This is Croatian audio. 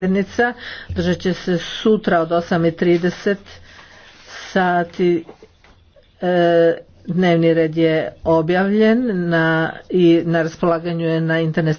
sjednica držat će se sutra od 8.30 sati e, dnevni red je objavljen na, i na raspolaganju je na internet